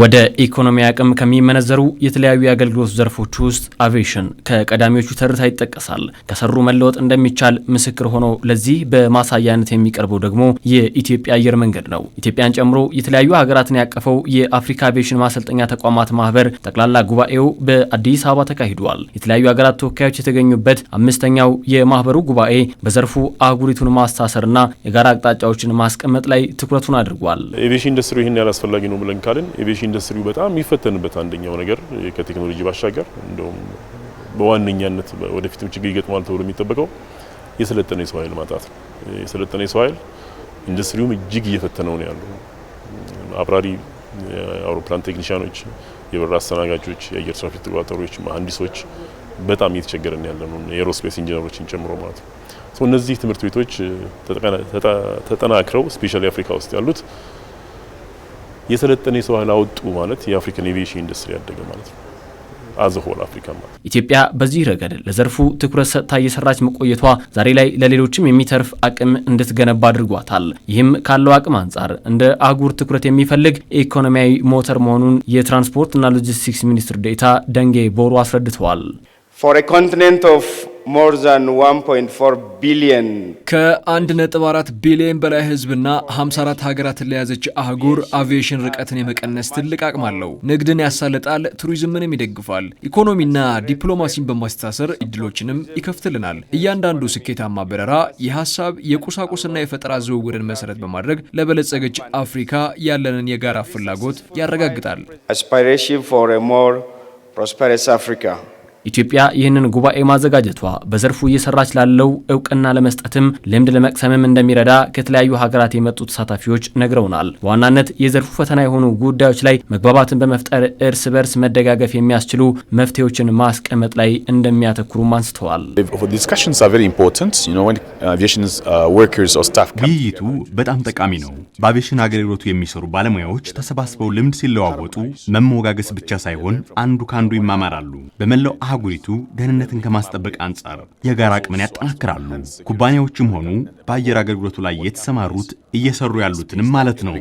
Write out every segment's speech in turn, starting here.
ወደ ኢኮኖሚ አቅም ከሚመነዘሩ የተለያዩ የአገልግሎት ዘርፎች ውስጥ አቪዬሽን ከቀዳሚዎቹ ተርታ ይጠቀሳል። ከሰሩ መለወጥ እንደሚቻል ምስክር ሆኖ ለዚህ በማሳያነት የሚቀርበው ደግሞ የኢትዮጵያ አየር መንገድ ነው። ኢትዮጵያን ጨምሮ የተለያዩ ሀገራትን ያቀፈው የአፍሪካ አቪዬሽን ማሰልጠኛ ተቋማት ማህበር ጠቅላላ ጉባኤው በአዲስ አበባ ተካሂዷል። የተለያዩ ሀገራት ተወካዮች የተገኙበት አምስተኛው የማህበሩ ጉባኤ በዘርፉ አህጉሪቱን ማስተሳሰርና የጋራ አቅጣጫዎችን ማስቀመጥ ላይ ትኩረቱን አድርጓል። ኢንዱስትሪ ይህን ያህል አስፈላጊ ነው ብለን ካልን ትንሽ ኢንዱስትሪው በጣም የሚፈተንበት አንደኛው ነገር ከቴክኖሎጂ ባሻገር እንደውም በዋነኛነት ወደፊትም ችግር ይገጥማል ተብሎ የሚጠበቀው የሰለጠነ የሰው ኃይል ማጣት ነው። የሰለጠነ የሰው ኃይል ኢንዱስትሪውም እጅግ እየፈተነው ነው ያሉ አብራሪ የአውሮፕላን ቴክኒሽያኖች፣ የበረራ አስተናጋጆች፣ የአየር ትራፊክ ተቆጣጣሪዎች፣ መሀንዲሶች በጣም እየተቸገረን ያለ ነው የኤሮስፔስ ኢንጂነሮችን ጨምሮ ማለት ነው። እነዚህ ትምህርት ቤቶች ተጠናክረው ስፔሻሊ አፍሪካ ውስጥ ያሉት የሰለጠነ የሰው ኃይል አወጡ ማለት የአፍሪካን ኤቪዬሽን ኢንዱስትሪ ያደገ ማለት ነው። አዘሆል አፍሪካ ማለት ኢትዮጵያ በዚህ ረገድ ለዘርፉ ትኩረት ሰጥታ እየሰራች መቆየቷ ዛሬ ላይ ለሌሎችም የሚተርፍ አቅም እንድትገነባ አድርጓታል። ይህም ካለው አቅም አንጻር እንደ አህጉር ትኩረት የሚፈልግ ኢኮኖሚያዊ ሞተር መሆኑን የትራንስፖርትና ሎጂስቲክስ ሚኒስትር ዴታ ደንጌ ቦሩ አስረድተዋል። ፎር ኮንቲኔንት ኦፍ ከ1.4 ቢሊዮን በላይ ህዝብና 54 ሀገራትን ለያዘች አህጉር አቪዬሽን ርቀትን የመቀነስ ትልቅ አቅም አለው። ንግድን ያሳልጣል፣ ቱሪዝምንም ይደግፋል፣ ኢኮኖሚና ዲፕሎማሲን በማስተሳሰር እድሎችንም ይከፍትልናል። እያንዳንዱ ስኬታማ በረራ የሀሳብ የቁሳቁስና የፈጠራ ዝውውርን መሰረት በማድረግ ለበለጸገች አፍሪካ ያለንን የጋራ ፍላጎት ያረጋግጣል። አስፓይሬሽን ፎር ሞር ፕሮስፐረስ አፍሪካ ኢትዮጵያ ይህንን ጉባኤ ማዘጋጀቷ በዘርፉ እየሰራች ላለው እውቅና ለመስጠትም ልምድ ለመቅሰምም እንደሚረዳ ከተለያዩ ሀገራት የመጡ ተሳታፊዎች ነግረውናል። በዋናነት የዘርፉ ፈተና የሆኑ ጉዳዮች ላይ መግባባትን በመፍጠር እርስ በርስ መደጋገፍ የሚያስችሉ መፍትሄዎችን ማስቀመጥ ላይ እንደሚያተኩሩም አንስተዋል። uh, uh, ውይይቱ በጣም ጠቃሚ ነው። በአቪሽን አገልግሎቱ የሚሰሩ ባለሙያዎች ተሰባስበው ልምድ ሲለዋወጡ መሞጋገስ ብቻ ሳይሆን አንዱ ከአንዱ ይማማራሉ። በመላው አህጉሪቱ ደህንነትን ከማስጠበቅ አንጻር የጋራ አቅምን ያጠናክራሉ። ኩባንያዎችም ሆኑ በአየር አገልግሎቱ ላይ የተሰማሩት እየሰሩ ያሉትንም ማለት ነው።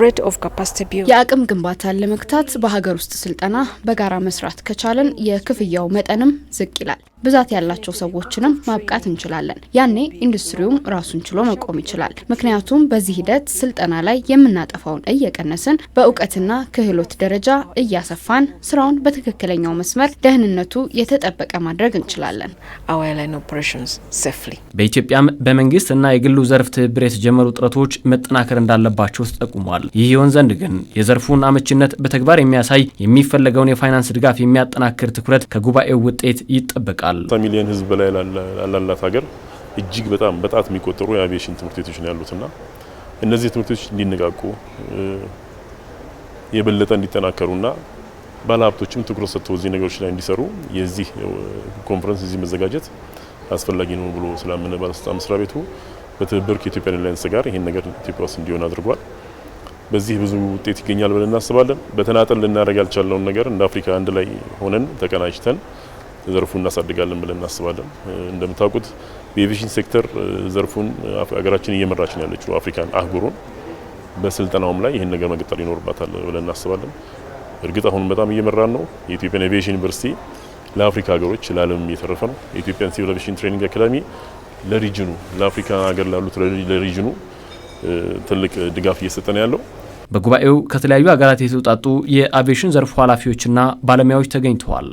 የአቅም ግንባታን ለመግታት በሀገር ውስጥ ስልጠና በጋራ መስራት ከቻለን የክፍያው መጠንም ዝቅ ይላል። ብዛት ያላቸው ሰዎችንም ማብቃት እንችላለን። ያኔ ኢንዱስትሪውም ራሱን ችሎ መቆም ይችላል። ምክንያቱም በዚህ ሂደት ስልጠና ላይ የምናጠፋውን እየቀነስን በእውቀትና ክህሎት ደረጃ እያሰፋን ስራውን በትክክለኛው መስመር ደህንነቱ የተጠበቀ ማድረግ እንችላለን። በኢትዮጵያም በመንግስት እና የግሉ ዘርፍ ትብብር የተጀመሩ ጥረቶች መጠናከር እንዳለባቸው ተጠቁሟል። ተገልጿል። ይህ ይሆን ዘንድ ግን የዘርፉን አመችነት በተግባር የሚያሳይ የሚፈለገውን የፋይናንስ ድጋፍ የሚያጠናክር ትኩረት ከጉባኤው ውጤት ይጠበቃል። ሚሊዮን ህዝብ በላይ ላላት ሀገር እጅግ በጣም በጣት የሚቆጠሩ የአቪዬሽን ትምህርት ቤቶች ነው ያሉትና እነዚህ ትምህርት ቤቶች እንዲነቃቁ የበለጠ እንዲጠናከሩና ባለሀብቶችም ትኩረት ሰጥተው እዚህ ነገሮች ላይ እንዲሰሩ የዚህ ኮንፈረንስ እዚህ መዘጋጀት አስፈላጊ ነው ብሎ ስላመነ ባለስልጣን መስሪያ ቤቱ በትብብር ከኢትዮጵያ ኤርላይንስ ጋር ይህን ነገር ኢትዮጵያ ውስጥ እንዲሆን አድርጓል። በዚህ ብዙ ውጤት ይገኛል ብለን እናስባለን። በተናጠል ልናደርግ ያልቻለውን ነገር እንደ አፍሪካ አንድ ላይ ሆነን ተቀናጅተን ዘርፉን እናሳድጋለን ብለን እናስባለን። እንደምታውቁት በኤቪሽን ሴክተር ዘርፉን ሀገራችን እየመራች ያለችው አፍሪካን አህጉሩን። በስልጠናውም ላይ ይህን ነገር መቀጠል ይኖርባታል ብለን እናስባለን። እርግጥ አሁን በጣም እየመራን ነው። የኢትዮጵያን ኤቪሽን ዩኒቨርሲቲ ለአፍሪካ ሀገሮች ለዓለም እየተረፈ ነው። የኢትዮጵያን ሲቪል ኤቪዬሽን ትሬኒንግ አካዳሚ ለሪጅኑ ለአፍሪካ ሀገር ላሉት ለሪጅኑ ትልቅ ድጋፍ እየሰጠ ነው ያለው። በጉባኤው ከተለያዩ ሀገራት የተውጣጡ የአቪዬሽን ዘርፉ ኃላፊዎችና ባለሙያዎች ተገኝተዋል።